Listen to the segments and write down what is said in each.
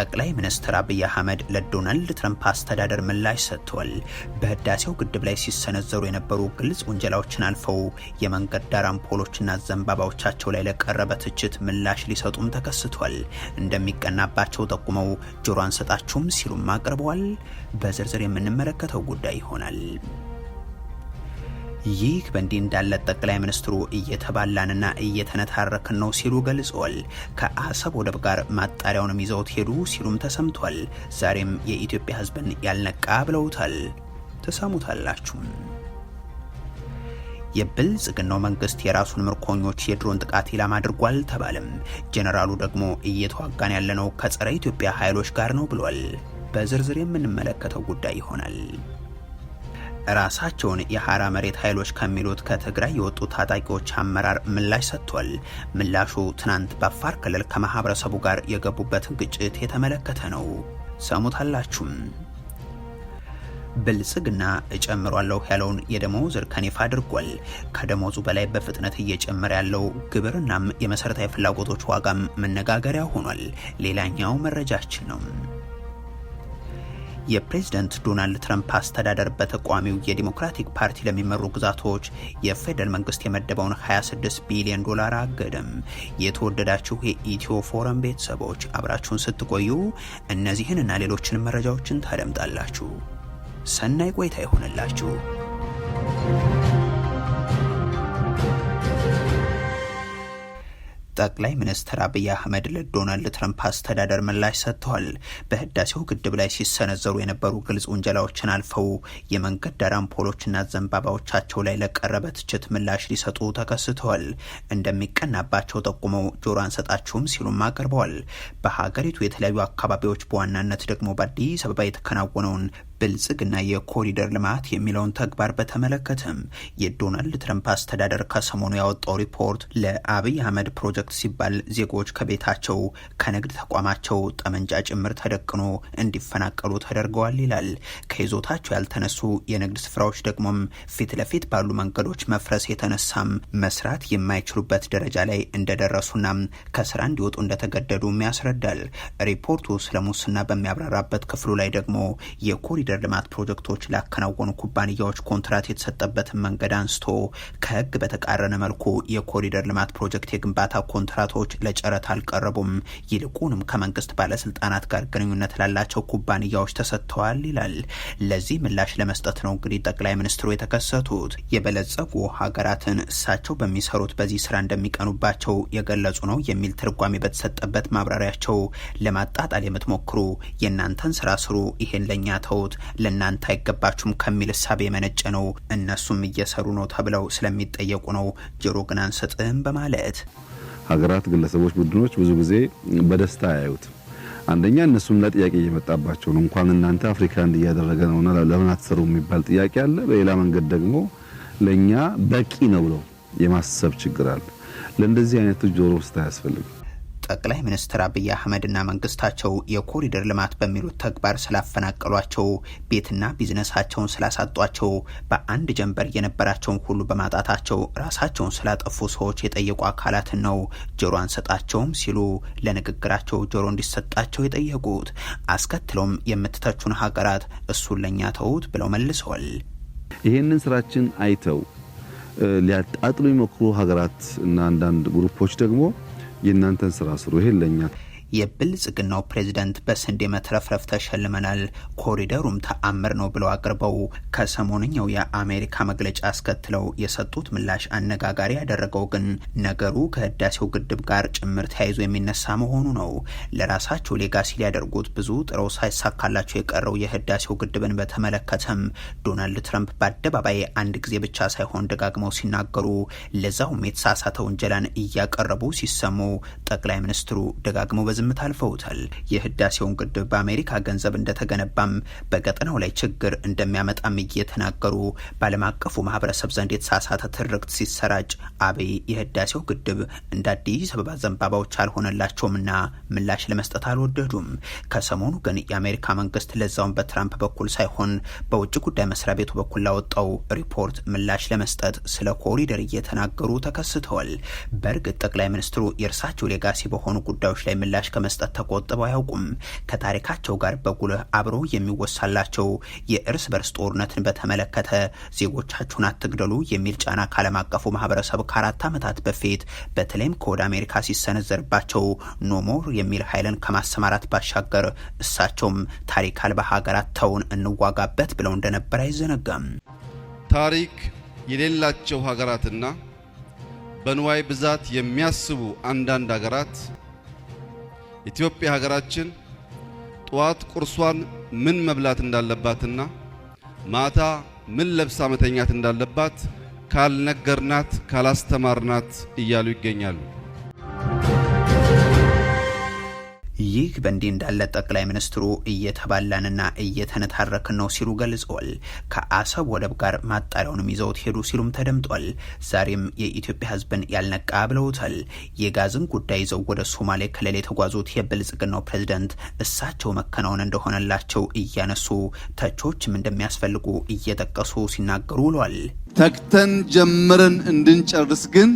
ጠቅላይ ሚኒስትር አብይ አህመድ ለዶናልድ ትረምፕ አስተዳደር ምላሽ ሰጥቷል። በህዳሴው ግድብ ላይ ሲሰነዘሩ የነበሩ ግልጽ ውንጀላዎችን አልፈው የመንገድ ዳር አምፖሎችና ዘንባባዎቻቸው ላይ ለቀረበ ትችት ምላሽ ሊሰጡም ተከስቷል። እንደሚቀናባቸው ጠቁመው ጆሮ አንሰጣችሁም ሲሉም አቅርበዋል። በዝርዝር የምንመለከተው ጉዳይ ይሆናል። ይህ በእንዲህ እንዳለ ጠቅላይ ሚኒስትሩ እየተባላንና እየተነታረክን ነው ሲሉ ገልጸዋል። ከአሰብ ወደብ ጋር ማጣሪያውንም ይዘውት ሄዱ ሲሉም ተሰምቷል። ዛሬም የኢትዮጵያ ሕዝብን ያልነቃ ብለውታል። ተሰሙታላችሁም። የብልጽግናው መንግስት የራሱን ምርኮኞች የድሮን ጥቃት ኢላማ አድርጓል ተባለም። ጄኔራሉ ደግሞ እየተዋጋን ያለነው ከጸረ ኢትዮጵያ ኃይሎች ጋር ነው ብሏል። በዝርዝር የምንመለከተው ጉዳይ ይሆናል። ራሳቸውን የሐራ መሬት ኃይሎች ከሚሉት ከትግራይ የወጡ ታጣቂዎች አመራር ምላሽ ሰጥቷል። ምላሹ ትናንት በአፋር ክልል ከማህበረሰቡ ጋር የገቡበትን ግጭት የተመለከተ ነው። ሰሙታላችሁም። ብልጽግና እጨምሯለሁ ያለውን የደሞዝ እርከን ይፋ አድርጓል። ከደሞዙ በላይ በፍጥነት እየጨመረ ያለው ግብርናም የመሰረታዊ ፍላጎቶች ዋጋም መነጋገሪያ ሆኗል። ሌላኛው መረጃችን ነው። የፕሬዝደንት ዶናልድ ትራምፕ አስተዳደር በተቋሚው የዲሞክራቲክ ፓርቲ ለሚመሩ ግዛቶች የፌደራል መንግስት የመደበውን 26 ቢሊዮን ዶላር አገደም። የተወደዳችሁ የኢትዮ ፎረም ቤተሰቦች አብራችሁን ስትቆዩ እነዚህን እና ሌሎችን መረጃዎችን ታደምጣላችሁ። ሰናይ ቆይታ ይሆንላችሁ። ጠቅላይ ሚኒስትር አብይ አህመድ ለዶናልድ ትረምፕ አስተዳደር ምላሽ ሰጥተዋል። በህዳሴው ግድብ ላይ ሲሰነዘሩ የነበሩ ግልጽ ውንጀላዎችን አልፈው የመንገድ ዳር አምፖሎችና ዘንባባዎቻቸው ላይ ለቀረበ ትችት ምላሽ ሊሰጡ ተከስተዋል። እንደሚቀናባቸው ጠቁመው ጆሮ አንሰጣችሁም ሲሉም አቅርበዋል። በሀገሪቱ የተለያዩ አካባቢዎች በዋናነት ደግሞ በአዲስ አበባ የተከናወነውን ብልጽግና የኮሪደር ልማት የሚለውን ተግባር በተመለከተም የዶናልድ ትረምፕ አስተዳደር ከሰሞኑ ያወጣው ሪፖርት ለአብይ አህመድ ፕሮጀክት ሲባል ዜጎች ከቤታቸው ከንግድ ተቋማቸው ጠመንጃ ጭምር ተደቅኖ እንዲፈናቀሉ ተደርገዋል ይላል። ከይዞታቸው ያልተነሱ የንግድ ስፍራዎች ደግሞም ፊት ለፊት ባሉ መንገዶች መፍረስ የተነሳም መስራት የማይችሉበት ደረጃ ላይ እንደደረሱና ከስራ እንዲወጡ እንደተገደዱም ያስረዳል። ሪፖርቱ ስለ ሙስና በሚያብራራበት ክፍሉ ላይ ደግሞ የኮሪደር የኮሪደር ልማት ፕሮጀክቶች ላከናወኑ ኩባንያዎች ኮንትራት የተሰጠበትን መንገድ አንስቶ ከህግ በተቃረነ መልኩ የኮሪደር ልማት ፕሮጀክት የግንባታ ኮንትራቶች ለጨረት አልቀረቡም፣ ይልቁንም ከመንግስት ባለስልጣናት ጋር ግንኙነት ላላቸው ኩባንያዎች ተሰጥተዋል ይላል። ለዚህ ምላሽ ለመስጠት ነው እንግዲህ ጠቅላይ ሚኒስትሩ የተከሰቱት። የበለጸጉ ሀገራትን እሳቸው በሚሰሩት በዚህ ስራ እንደሚቀኑባቸው የገለጹ ነው የሚል ትርጓሜ በተሰጠበት ማብራሪያቸው ለማጣጣል የምትሞክሩ የእናንተን ስራ ስሩ፣ ይሄን ለእኛ ተውት፣ ለእናንተ አይገባችሁም ከሚል እሳቤ የመነጨ ነው። እነሱም እየሰሩ ነው ተብለው ስለሚጠየቁ ነው። ጆሮ ግን አንሰጥህም በማለት ሀገራት፣ ግለሰቦች፣ ቡድኖች ብዙ ጊዜ በደስታ አያዩትም። አንደኛ እነሱም ለጥያቄ እየመጣባቸው ነው። እንኳን እናንተ አፍሪካ እንዲ እያደረገ ነውና ለምን አትሰሩ የሚባል ጥያቄ አለ። በሌላ መንገድ ደግሞ ለእኛ በቂ ነው ብለው የማሰብ ችግር አለ። ለእንደዚህ አይነቱ ጆሮ ውስጥ አያስፈልግም። ጠቅላይ ሚኒስትር አብይ አህመድና መንግስታቸው የኮሪደር ልማት በሚሉት ተግባር ስላፈናቀሏቸው፣ ቤትና ቢዝነሳቸውን ስላሳጧቸው፣ በአንድ ጀንበር የነበራቸውን ሁሉ በማጣታቸው ራሳቸውን ስላጠፉ ሰዎች የጠየቁ አካላትን ነው ጆሮ አንሰጣቸውም ሲሉ ለንግግራቸው ጆሮ እንዲሰጣቸው የጠየቁት። አስከትለውም የምትተቹን ሀገራት እሱን ለእኛ ተዉት ብለው መልሰዋል። ይህንን ስራችን አይተው ሊያጣጥሉ የሞክሩ ሀገራት እና አንዳንድ ግሩፖች ደግሞ የእናንተን ስራ ስሩ። ይሄ ለኛ የብልጽግናው ፕሬዚደንት በስንዴ መትረፍረፍ ተሸልመናል፣ ኮሪደሩም ተአምር ነው ብለው አቅርበው ከሰሞነኛው የአሜሪካ መግለጫ አስከትለው የሰጡት ምላሽ አነጋጋሪ ያደረገው ግን ነገሩ ከህዳሴው ግድብ ጋር ጭምር ተያይዞ የሚነሳ መሆኑ ነው። ለራሳቸው ሌጋሲ ሊያደርጉት ብዙ ጥረው ሳይሳካላቸው የቀረው የህዳሴው ግድብን በተመለከተም ዶናልድ ትራምፕ በአደባባይ አንድ ጊዜ ብቻ ሳይሆን ደጋግመው ሲናገሩ፣ ለዛውም የተሳሳተ ውንጀላን እያቀረቡ ሲሰሙ ጠቅላይ ሚኒስትሩ ደጋግመው በዝ በዝምታ አልፈውታል። የህዳሴውን ግድብ በአሜሪካ ገንዘብ እንደተገነባም በቀጠናው ላይ ችግር እንደሚያመጣም እየተናገሩ በዓለም አቀፉ ማህበረሰብ ዘንድ የተሳሳተ ትርክት ሲሰራጭ አብይ የህዳሴው ግድብ እንደ አዲስ አበባ ዘንባባዎች አልሆነላቸውምና ምላሽ ለመስጠት አልወደዱም። ከሰሞኑ ግን የአሜሪካ መንግስት ለዛውን በትራምፕ በኩል ሳይሆን በውጭ ጉዳይ መስሪያ ቤቱ በኩል ላወጣው ሪፖርት ምላሽ ለመስጠት ስለ ኮሪደር እየተናገሩ ተከስተዋል። በእርግጥ ጠቅላይ ሚኒስትሩ የእርሳቸው ሌጋሲ በሆኑ ጉዳዮች ላይ ምላሽ ከመስጠት ተቆጥበው አያውቁም። ከታሪካቸው ጋር በጉልህ አብሮ የሚወሳላቸው የእርስ በርስ ጦርነትን በተመለከተ ዜጎቻችሁን አትግደሉ የሚል ጫና ከዓለም አቀፉ ማህበረሰብ ከአራት ዓመታት በፊት በተለይም ከወደ አሜሪካ ሲሰነዘርባቸው ኖሞር የሚል ኃይልን ከማሰማራት ባሻገር እሳቸውም ታሪክ አልባ ሀገራት ተውን እንዋጋበት ብለው እንደነበር አይዘነጋም። ታሪክ የሌላቸው ሀገራትና በንዋይ ብዛት የሚያስቡ አንዳንድ ሀገራት ኢትዮጵያ ሀገራችን ጠዋት ቁርሷን ምን መብላት እንዳለባትና ማታ ምን ለብሳ መተኛት እንዳለባት ካልነገርናት ካላስተማርናት እያሉ ይገኛሉ። ይህ በእንዲህ እንዳለ ጠቅላይ ሚኒስትሩ እየተባላንና እየተነታረክን ነው ሲሉ ገልጿል። ከአሰብ ወደብ ጋር ማጣሪያውንም ይዘውት ሄዱ ሲሉም ተደምጧል። ዛሬም የኢትዮጵያ ሕዝብን ያልነቃ ብለውታል። የጋዝን ጉዳይ ይዘው ወደ ሶማሌ ክልል የተጓዙት የብልጽግናው ፕሬዝደንት እሳቸው መከናወን እንደሆነላቸው እያነሱ ተቾችም እንደሚያስፈልጉ እየጠቀሱ ሲናገሩ ውሏል። ተግተን ጀምረን እንድንጨርስ ግን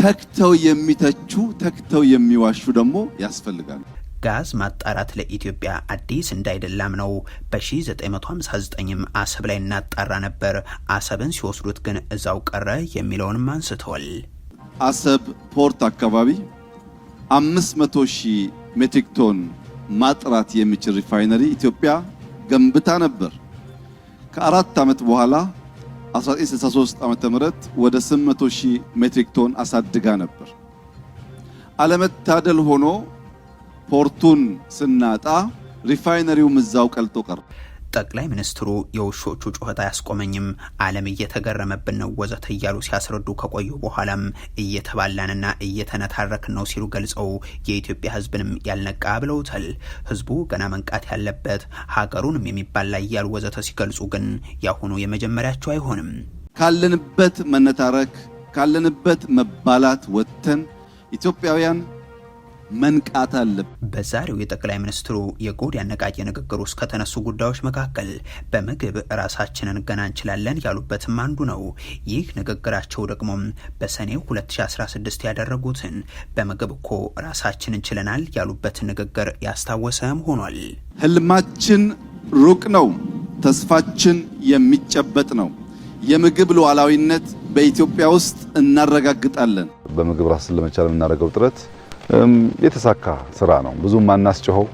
ተክተው የሚተቹ ተክተው የሚዋሹ ደግሞ ያስፈልጋል። ጋዝ ማጣራት ለኢትዮጵያ አዲስ እንዳይደላም ነው። በ1959ም አሰብ ላይ እናጣራ ነበር፣ አሰብን ሲወስዱት ግን እዛው ቀረ የሚለውንም አንስተዋል። አሰብ ፖርት አካባቢ 500 ሺህ ሜትሪክ ቶን ማጥራት የሚችል ሪፋይነሪ ኢትዮጵያ ገንብታ ነበር። ከአራት ዓመት በኋላ 1963 ዓመተ ወደ 800 ሺህ ሜትሪክ ቶን አሳድጋ ነበር። አለመታደል ሆኖ ፖርቱን ስናጣ ሪፋይነሪውም እዛው ቀልጦ ቀረ። ጠቅላይ ሚኒስትሩ የውሾቹ ጩኸት አያስቆመኝም፣ ዓለም እየተገረመብን ነው ወዘተ እያሉ ሲያስረዱ ከቆዩ በኋላም እየተባላንና እየተነታረክን ነው ሲሉ ገልጸው የኢትዮጵያ ሕዝብንም ያልነቃ ብለውታል። ሕዝቡ ገና መንቃት ያለበት ሀገሩንም የሚባላ እያሉ ወዘተ ሲገልጹ ግን ያሁኑ የመጀመሪያቸው አይሆንም። ካለንበት መነታረክ ካለንበት መባላት ወጥተን ኢትዮጵያውያን መንቃት አለብን። በዛሬው የጠቅላይ ሚኒስትሩ የጎድ ያነቃቂ ንግግር ውስጥ ከተነሱ ጉዳዮች መካከል በምግብ ራሳችንን ገና እንችላለን ያሉበትም አንዱ ነው። ይህ ንግግራቸው ደግሞ በሰኔ 2016 ያደረጉትን በምግብ እኮ ራሳችን እንችለናል ያሉበትን ንግግር ያስታወሰም ሆኗል። ህልማችን ሩቅ ነው፣ ተስፋችን የሚጨበጥ ነው። የምግብ ሉዓላዊነት በኢትዮጵያ ውስጥ እናረጋግጣለን። በምግብ ራስን ለመቻል የምናደርገው ጥረት የተሳካ ስራ ነው። ብዙም አናስጮኸው።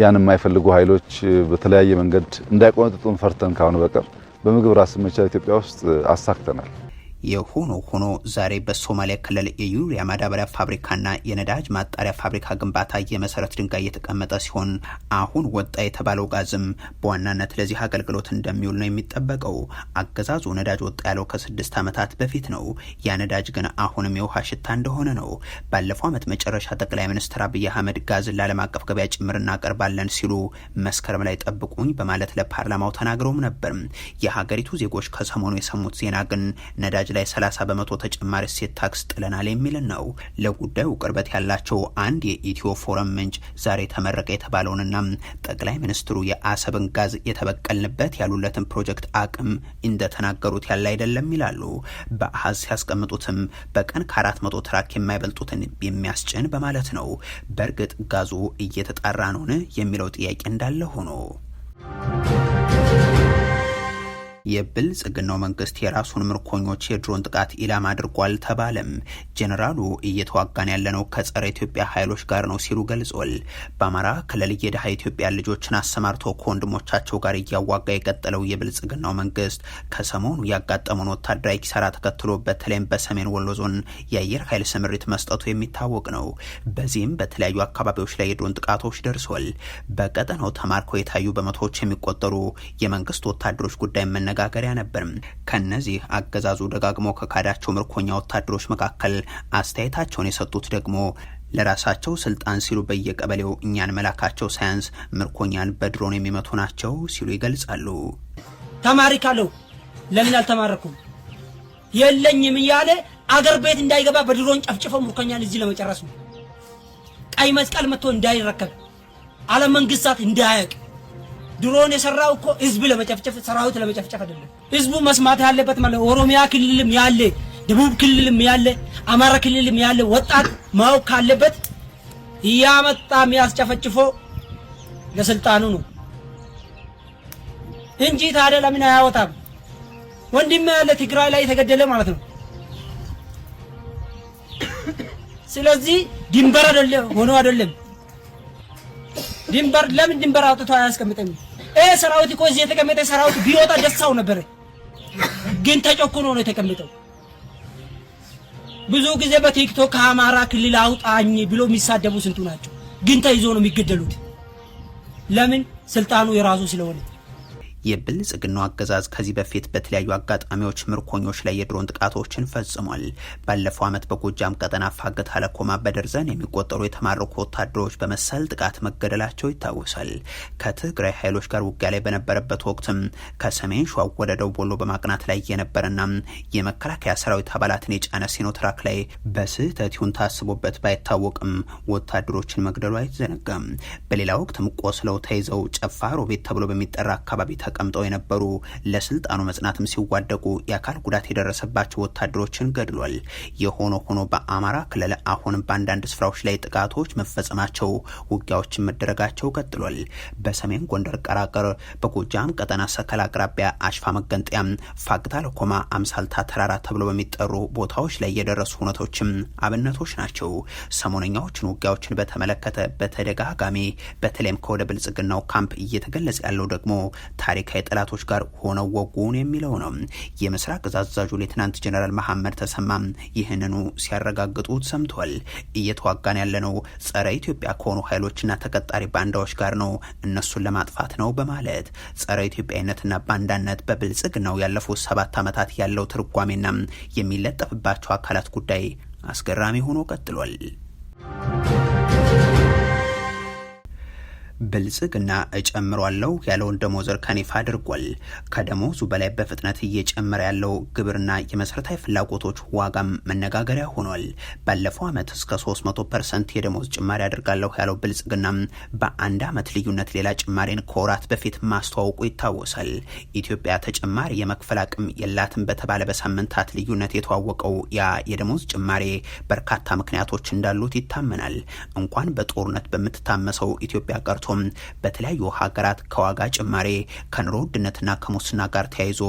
ያን የማይፈልጉ ኃይሎች በተለያየ መንገድ እንዳይቆነጥጡን ፈርተን ካሁን በቀር በምግብ ራስን መቻል ኢትዮጵያ ውስጥ አሳክተናል። የሆኖ ሆኖ ዛሬ በሶማሊያ ክልል የዩሪያ ማዳበሪያ ፋብሪካና የነዳጅ ማጣሪያ ፋብሪካ ግንባታ የመሰረት ድንጋይ የተቀመጠ ሲሆን አሁን ወጣ የተባለው ጋዝም በዋናነት ለዚህ አገልግሎት እንደሚውል ነው የሚጠበቀው። አገዛዙ ነዳጅ ወጣ ያለው ከስድስት ዓመታት በፊት ነው። ያ ነዳጅ ግን አሁንም የውሃ ሽታ እንደሆነ ነው። ባለፈው ዓመት መጨረሻ ጠቅላይ ሚኒስትር አብይ አህመድ ጋዝን ለዓለም አቀፍ ገበያ ጭምር እናቀርባለን ሲሉ መስከረም ላይ ጠብቁኝ በማለት ለፓርላማው ተናግረውም ነበር። የሀገሪቱ ዜጎች ከሰሞኑ የሰሙት ዜና ግን ነዳጅ ነዳጅ ላይ 30 በመቶ ተጨማሪ እሴት ታክስ ጥለናል የሚልን ነው። ለጉዳዩ ቅርበት ያላቸው አንድ የኢትዮ ፎረም ምንጭ ዛሬ ተመረቀ የተባለውንና ጠቅላይ ሚኒስትሩ የአሰብን ጋዝ የተበቀልንበት ያሉለትን ፕሮጀክት አቅም እንደተናገሩት ያለ አይደለም ይላሉ። በአሀዝ ሲያስቀምጡትም በቀን ከ400 ትራክ የማይበልጡትን የሚያስጭን በማለት ነው። በእርግጥ ጋዙ እየተጣራ ነውን የሚለው ጥያቄ እንዳለ ሆኖ የብልጽግናው መንግስት የራሱን ምርኮኞች የድሮን ጥቃት ኢላማ አድርጓል ተባለም። ጀኔራሉ እየተዋጋን ያለነው ከጸረ ኢትዮጵያ ኃይሎች ጋር ነው ሲሉ ገልጿል። በአማራ ክልል የድሃ ኢትዮጵያ ልጆችን አሰማርቶ ከወንድሞቻቸው ጋር እያዋጋ የቀጠለው የብልጽግናው መንግስት ከሰሞኑ ያጋጠመውን ወታደራዊ ኪሳራ ተከትሎ በተለይም በሰሜን ወሎ ዞን የአየር ኃይል ስምሪት መስጠቱ የሚታወቅ ነው። በዚህም በተለያዩ አካባቢዎች ላይ የድሮን ጥቃቶች ደርሷል። በቀጠናው ተማርከው የታዩ በመቶዎች የሚቆጠሩ የመንግስት ወታደሮች ጉዳይ መነ መነጋገሪያ ነበር። ከነዚህ አገዛዙ ደጋግሞ ከካዳቸው ምርኮኛ ወታደሮች መካከል አስተያየታቸውን የሰጡት ደግሞ ለራሳቸው ስልጣን ሲሉ በየቀበሌው እኛን መላካቸው ሳያንስ ምርኮኛን በድሮን የሚመቱ ናቸው ሲሉ ይገልጻሉ። ተማሪ ካለው ለምን አልተማረኩም የለኝም እያለ አገር ቤት እንዳይገባ በድሮን ጨፍጭፈው ምርኮኛን እዚህ ለመጨረስ ነው። ቀይ መስቀል መጥቶ እንዳይረከብ ዓለም መንግስታት እንዳያውቅ ድሮን የሰራው እኮ ህዝብ ለመጨፍጨፍ ሰራዊት ለመጨፍጨፍ አይደለም። ህዝቡ መስማት ያለበት ማለት ኦሮሚያ ክልልም ያለ ደቡብ ክልልም ያለ አማራ ክልልም ያለ ወጣት ማወቅ ካለበት እያመጣ የሚያስጨፈጭፎ ለስልጣኑ ነው እንጂ ታዲያ ለምን አያወጣም? ወንድም ያለ ትግራይ ላይ የተገደለ ማለት ነው። ስለዚህ ድንበር አይደለም ሆኖ አይደለም ድንበር ለምን ድንበር አውጥቶ አያስቀምጠኝ? ይሄ ሰራዊት እኮ እዚህ የተቀመጠ ሰራዊት ቢወጣ ደስታው ነበረ፣ ግን ተጨኩኖ ነው የተቀመጠው። ብዙ ጊዜ በቲክቶክ ከአማራ ክልል አውጣኝ ብሎ የሚሳደቡ ስንቱ ናቸው፣ ግን ተይዞ ነው የሚገደሉት። ለምን? ስልጣኑ የራሱ ስለሆነ የብልጽግናው አገዛዝ ከዚህ በፊት በተለያዩ አጋጣሚዎች ምርኮኞች ላይ የድሮን ጥቃቶችን ፈጽሟል። ባለፈው ዓመት በጎጃም ቀጠና ፋገት አለኮማ በደርዘን የሚቆጠሩ የተማረኩ ወታደሮች በመሰል ጥቃት መገደላቸው ይታወሳል። ከትግራይ ኃይሎች ጋር ውጊያ ላይ በነበረበት ወቅትም ከሰሜን ሸዋ ወደ ደቡብ ወሎ በማቅናት ላይ የነበረና የመከላከያ ሰራዊት አባላትን የጫነ ሲኖትራክ ላይ በስህተት ይሁን ታስቦበት ባይታወቅም ወታደሮችን መግደሉ አይዘነጋም። በሌላ ወቅትም ቆስለው ተይዘው ጨፋ ተብሎ በሚጠራ አካባቢ ተቀምጠው የነበሩ ለስልጣኑ መጽናትም ሲዋደቁ የአካል ጉዳት የደረሰባቸው ወታደሮችን ገድሏል። የሆኖ ሆኖ በአማራ ክልል አሁን በአንዳንድ ስፍራዎች ላይ ጥቃቶች መፈጸማቸው፣ ውጊያዎችን መደረጋቸው ቀጥሏል። በሰሜን ጎንደር ቀራቀር፣ በጎጃም ቀጠና ሰከል አቅራቢያ አሽፋ መገንጠያ፣ ፋግታ ለኮማ፣ አምሳልታ ተራራ ተብሎ በሚጠሩ ቦታዎች ላይ የደረሱ ሁነቶችም አብነቶች ናቸው። ሰሞነኛዎችን ውጊያዎችን በተመለከተ በተደጋጋሚ በተለይም ከወደ ብልጽግናው ካምፕ እየተገለጸ ያለው ደግሞ ታሪክ አሜሪካ የጠላቶች ጋር ሆነው ወጉን የሚለው ነው። የምስራቅ እዝ አዛዡ ሌትናንት ጀነራል መሐመድ ተሰማ ይህንኑ ሲያረጋግጡት ሰምቷል። እየተዋጋን ያለነው ጸረ ኢትዮጵያ ከሆኑ ኃይሎችና ተቀጣሪ ባንዳዎች ጋር ነው፣ እነሱን ለማጥፋት ነው በማለት ጸረ ኢትዮጵያዊነትና ባንዳነት በብልጽግናው ያለፉት ሰባት ዓመታት ያለው ትርጓሜና የሚለጠፍባቸው አካላት ጉዳይ አስገራሚ ሆኖ ቀጥሏል። ብልጽግና እጨምሯለሁ ያለውን ደሞዝ እርከን ይፋ አድርጓል። ከደሞዙ በላይ በፍጥነት እየጨመረ ያለው ግብርና የመሰረታዊ ፍላጎቶች ዋጋም መነጋገሪያ ሆኗል። ባለፈው ዓመት እስከ 300 ፐርሰንት የደሞዝ ጭማሪ አድርጋለሁ ያለው ብልጽግና በአንድ ዓመት ልዩነት ሌላ ጭማሪን ከወራት በፊት ማስተዋወቁ ይታወሳል። ኢትዮጵያ ተጨማሪ የመክፈል አቅም የላትም በተባለ በሳምንታት ልዩነት የተዋወቀው ያ የደሞዝ ጭማሪ በርካታ ምክንያቶች እንዳሉት ይታመናል። እንኳን በጦርነት በምትታመሰው ኢትዮጵያ ቀርቶ ምክንያቱም በተለያዩ ሀገራት ከዋጋ ጭማሬ ከኑሮ ውድነትና ከሙስና ጋር ተያይዞ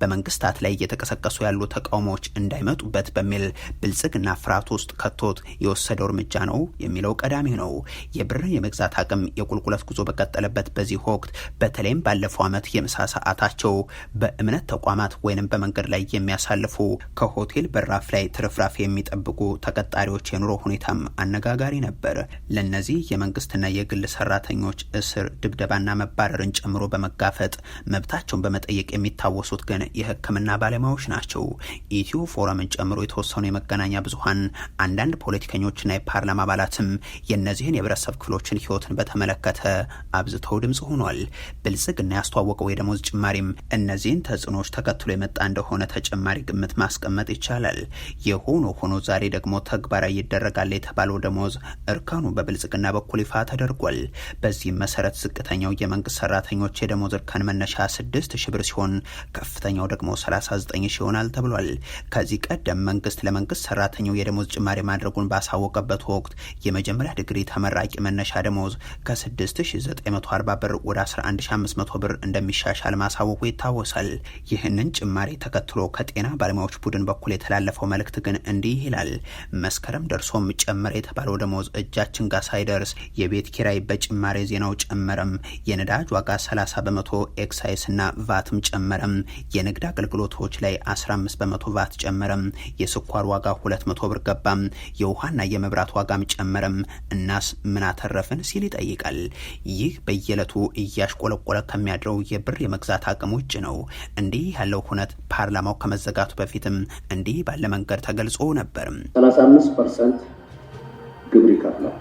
በመንግስታት ላይ እየተቀሰቀሱ ያሉ ተቃውሞዎች እንዳይመጡበት በሚል ብልጽግና ፍርሃት ውስጥ ከቶት የወሰደው እርምጃ ነው የሚለው ቀዳሚ ነው። የብርን የመግዛት አቅም የቁልቁለት ጉዞ በቀጠለበት በዚህ ወቅት በተለይም ባለፈው ዓመት የምሳ ሰዓታቸው በእምነት ተቋማት ወይንም በመንገድ ላይ የሚያሳልፉ ከሆቴል በራፍ ላይ ትርፍራፍ የሚጠብቁ ተቀጣሪዎች የኑሮ ሁኔታም አነጋጋሪ ነበር። ለእነዚህ የመንግስትና የግል ሰራተኞች ጋዜጠኞች እስር፣ ድብደባና መባረርን ጨምሮ በመጋፈጥ መብታቸውን በመጠየቅ የሚታወሱት ግን የሕክምና ባለሙያዎች ናቸው። ኢትዮ ፎረምን ጨምሮ የተወሰኑ የመገናኛ ብዙሀን አንዳንድ ፖለቲከኞችና የፓርላማ አባላትም የእነዚህን የህብረተሰብ ክፍሎችን ህይወትን በተመለከተ አብዝተው ድምፅ ሆኗል። ብልጽግና ያስተዋወቀው የደሞዝ ጭማሪም እነዚህን ተጽዕኖዎች ተከትሎ የመጣ እንደሆነ ተጨማሪ ግምት ማስቀመጥ ይቻላል። የሆኖ ሆኖ ዛሬ ደግሞ ተግባራዊ ይደረጋል የተባለው ደሞዝ እርከኑ በብልጽግና በኩል ይፋ ተደርጓል። በዚህም መሰረት ዝቅተኛው የመንግስት ሰራተኞች የደሞዝ እርከን መነሻ 6 ሺህ ብር ሲሆን ከፍተኛው ደግሞ 39 ሺ ይሆናል ተብሏል። ከዚህ ቀደም መንግስት ለመንግስት ሰራተኛው የደሞዝ ጭማሪ ማድረጉን ባሳወቀበት ወቅት የመጀመሪያ ዲግሪ ተመራቂ መነሻ ደሞዝ ከ6940 ብር ወደ 11500 ብር እንደሚሻሻል ማሳወቁ ይታወሳል። ይህንን ጭማሪ ተከትሎ ከጤና ባለሙያዎች ቡድን በኩል የተላለፈው መልእክት ግን እንዲህ ይላል። መስከረም ደርሶም ጨመረ የተባለው ደሞዝ እጃችን ጋር ሳይደርስ የቤት ኪራይ በጭማሪ ዜናው ጨመረም። የነዳጅ ዋጋ 30 በመቶ ኤክሳይስና ቫትም ጨመረም። የንግድ አገልግሎቶች ላይ 15 በመቶ ቫት ጨመረም። የስኳር ዋጋ 200 ብር ገባም። የውሃና የመብራት ዋጋም ጨመረም። እናስ ምን አተረፍን ሲል ይጠይቃል። ይህ በየዕለቱ እያሽቆለቆለ ከሚያድረው የብር የመግዛት አቅም ውጭ ነው። እንዲህ ያለው ሁነት ፓርላማው ከመዘጋቱ በፊትም እንዲህ ባለ መንገድ ተገልጾ ነበር። 35 ፐርሰንት ግብር ይከፍላል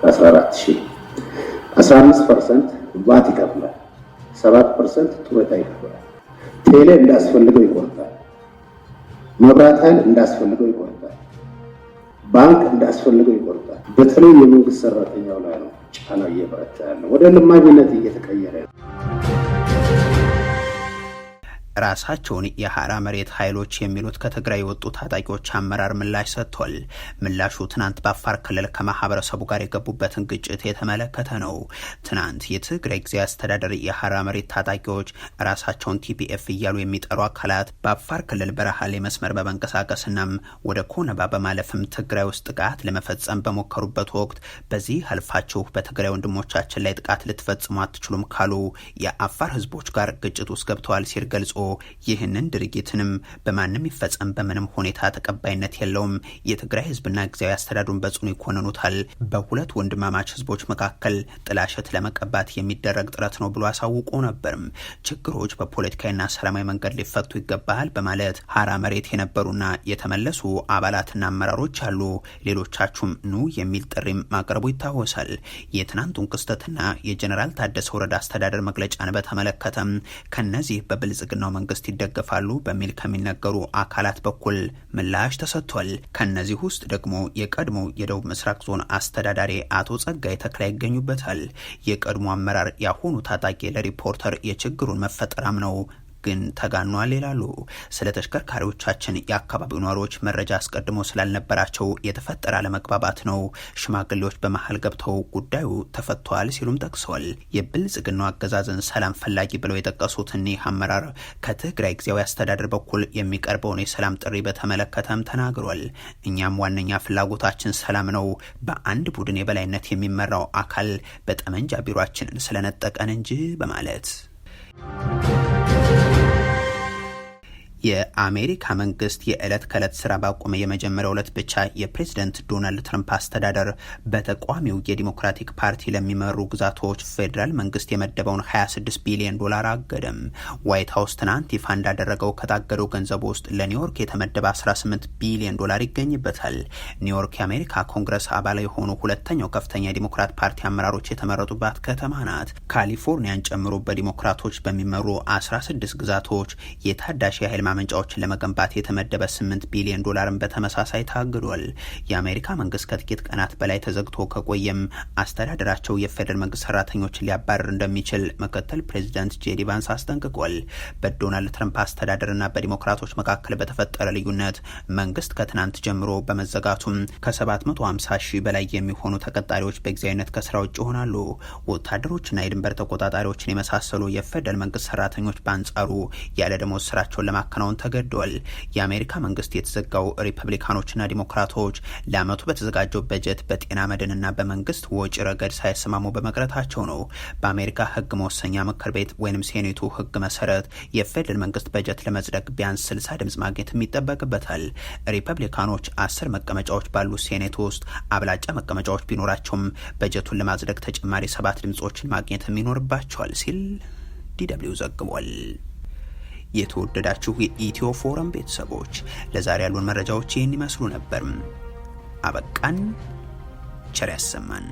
ከ14 ሺህ 15 ፐርሰንት ቫት ይከፍላል። 7 ፐርሰንት ጡረታ ይከፍላል። ቴሌ እንዳስፈልገው ይቆርጣል። መብራት ኃይል እንዳስፈልገው ይቆርጣል። ባንክ እንዳስፈልገው ይቆርጣል። በተለይ የመንግስት ሰራተኛው ላይ ነው ጫና እየበረታ ያለው፣ ወደ ልማኝነት እየተቀየረ ነው። ራሳቸውን የሀራ መሬት ኃይሎች የሚሉት ከትግራይ የወጡ ታጣቂዎች አመራር ምላሽ ሰጥቷል። ምላሹ ትናንት በአፋር ክልል ከማህበረሰቡ ጋር የገቡበትን ግጭት የተመለከተ ነው። ትናንት የትግራይ ጊዜያዊ አስተዳደር የሀራ መሬት ታጣቂዎች ራሳቸውን ቲፒኤፍ እያሉ የሚጠሩ አካላት በአፋር ክልል በረሃሌ መስመር በመንቀሳቀስናም ወደ ኮነባ በማለፍም ትግራይ ውስጥ ጥቃት ለመፈጸም በሞከሩበት ወቅት በዚህ አልፋችሁ በትግራይ ወንድሞቻችን ላይ ጥቃት ልትፈጽሙ አትችሉም ካሉ የአፋር ህዝቦች ጋር ግጭት ውስጥ ገብተዋል ሲል ገልጾ ይህንን ድርጊትንም በማንም ይፈጸም በምንም ሁኔታ ተቀባይነት የለውም። የትግራይ ህዝብና ጊዜያዊ አስተዳደሩን በጽኑ ይኮንኑታል። በሁለት ወንድማማች ህዝቦች መካከል ጥላሸት ለመቀባት የሚደረግ ጥረት ነው ብሎ አሳውቆ ነበርም። ችግሮች በፖለቲካዊና ሰላማዊ መንገድ ሊፈቱ ይገባል በማለት ሀራ መሬት የነበሩና የተመለሱ አባላትና አመራሮች አሉ። ሌሎቻችሁም ኑ የሚል ጥሪም ማቅረቡ ይታወሳል። የትናንቱን ክስተትና የጀኔራል ታደሰ ወረዳ አስተዳደር መግለጫን በተመለከተም ከነዚህ በብልጽግናው መንግስት ይደገፋሉ በሚል ከሚነገሩ አካላት በኩል ምላሽ ተሰጥቷል። ከነዚህ ውስጥ ደግሞ የቀድሞ የደቡብ ምስራቅ ዞን አስተዳዳሪ አቶ ጸጋይ ተክላ ይገኙበታል። የቀድሞ አመራር ያሁኑ ታጣቂ ለሪፖርተር የችግሩን መፈጠራም ነው ግን ተጋኗል ይላሉ። ስለ ተሽከርካሪዎቻችን የአካባቢው ነዋሪዎች መረጃ አስቀድሞ ስላልነበራቸው የተፈጠረ አለመግባባት ነው። ሽማግሌዎች በመሀል ገብተው ጉዳዩ ተፈቷል ሲሉም ጠቅሰዋል። የብልጽግናው አገዛዝን ሰላም ፈላጊ ብለው የጠቀሱት እኒህ አመራር ከትግራይ ጊዜያዊ አስተዳደር በኩል የሚቀርበውን የሰላም ጥሪ በተመለከተም ተናግሯል። እኛም ዋነኛ ፍላጎታችን ሰላም ነው። በአንድ ቡድን የበላይነት የሚመራው አካል በጠመንጃ ቢሯችንን ስለነጠቀን እንጂ በማለት የአሜሪካ መንግስት የዕለት ከዕለት ስራ ባቆመ የመጀመሪያው ዕለት ብቻ የፕሬዝደንት ዶናልድ ትራምፕ አስተዳደር በተቋሚው የዲሞክራቲክ ፓርቲ ለሚመሩ ግዛቶች ፌዴራል መንግስት የመደበውን 26 ቢሊዮን ዶላር አገደም። ዋይት ሀውስ ትናንት ይፋ እንዳደረገው ከታገደው ገንዘብ ውስጥ ለኒውዮርክ የተመደበ 18 ቢሊዮን ዶላር ይገኝበታል። ኒውዮርክ የአሜሪካ ኮንግረስ አባል የሆኑ ሁለተኛው ከፍተኛ የዲሞክራት ፓርቲ አመራሮች የተመረጡባት ከተማ ናት። ካሊፎርኒያን ጨምሮ በዲሞክራቶች በሚመሩ 16 ግዛቶች የታዳሽ የኃይል ማመንጫዎችን ለመገንባት የተመደበ 8 ቢሊዮን ዶላርን በተመሳሳይ ታግዷል። የአሜሪካ መንግስት ከጥቂት ቀናት በላይ ተዘግቶ ከቆየም አስተዳደራቸው የፌደራል መንግስት ሰራተኞችን ሊያባርር እንደሚችል ምክትል ፕሬዚደንት ጄዲ ቫንስ አስጠንቅቋል። በዶናልድ ትራምፕ አስተዳደርና በዲሞክራቶች መካከል በተፈጠረ ልዩነት መንግስት ከትናንት ጀምሮ በመዘጋቱም ከ750 ሺህ በላይ የሚሆኑ ተቀጣሪዎች በጊዜያዊነት ከስራ ውጭ ይሆናሉ። ወታደሮችና የድንበር ተቆጣጣሪዎችን የመሳሰሉ የፌደራል መንግስት ሰራተኞች በአንጻሩ ያለ ደሞዝ ስራቸውን ለማከናወን ሊያከናውን ተገዷል። የአሜሪካ መንግስት የተዘጋው ሪፐብሊካኖችና ዲሞክራቶች ለአመቱ በተዘጋጀው በጀት በጤና መድንና በመንግስት ወጪ ረገድ ሳይስማሙ በመቅረታቸው ነው። በአሜሪካ ህግ መወሰኛ ምክር ቤት ወይም ሴኔቱ ህግ መሰረት የፌደራል መንግስት በጀት ለመጽደቅ ቢያንስ ስልሳ ድምጽ ማግኘትም ይጠበቅበታል። ሪፐብሊካኖች አስር መቀመጫዎች ባሉ ሴኔት ውስጥ አብላጫ መቀመጫዎች ቢኖራቸውም በጀቱን ለማጽደቅ ተጨማሪ ሰባት ድምጾችን ማግኘትም ይኖርባቸዋል ሲል ዲ ዘግቧል። የተወደዳችሁ የኢትዮ ፎረም ቤተሰቦች ለዛሬ ያሉን መረጃዎች ይህን ይመስሉ ነበር። አበቃን። ቸር ያሰማን።